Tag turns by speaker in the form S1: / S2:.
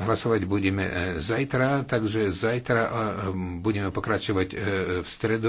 S1: Hlasovať budeme e, zajtra, takže zajtra e, budeme pokračovať e, v stredu.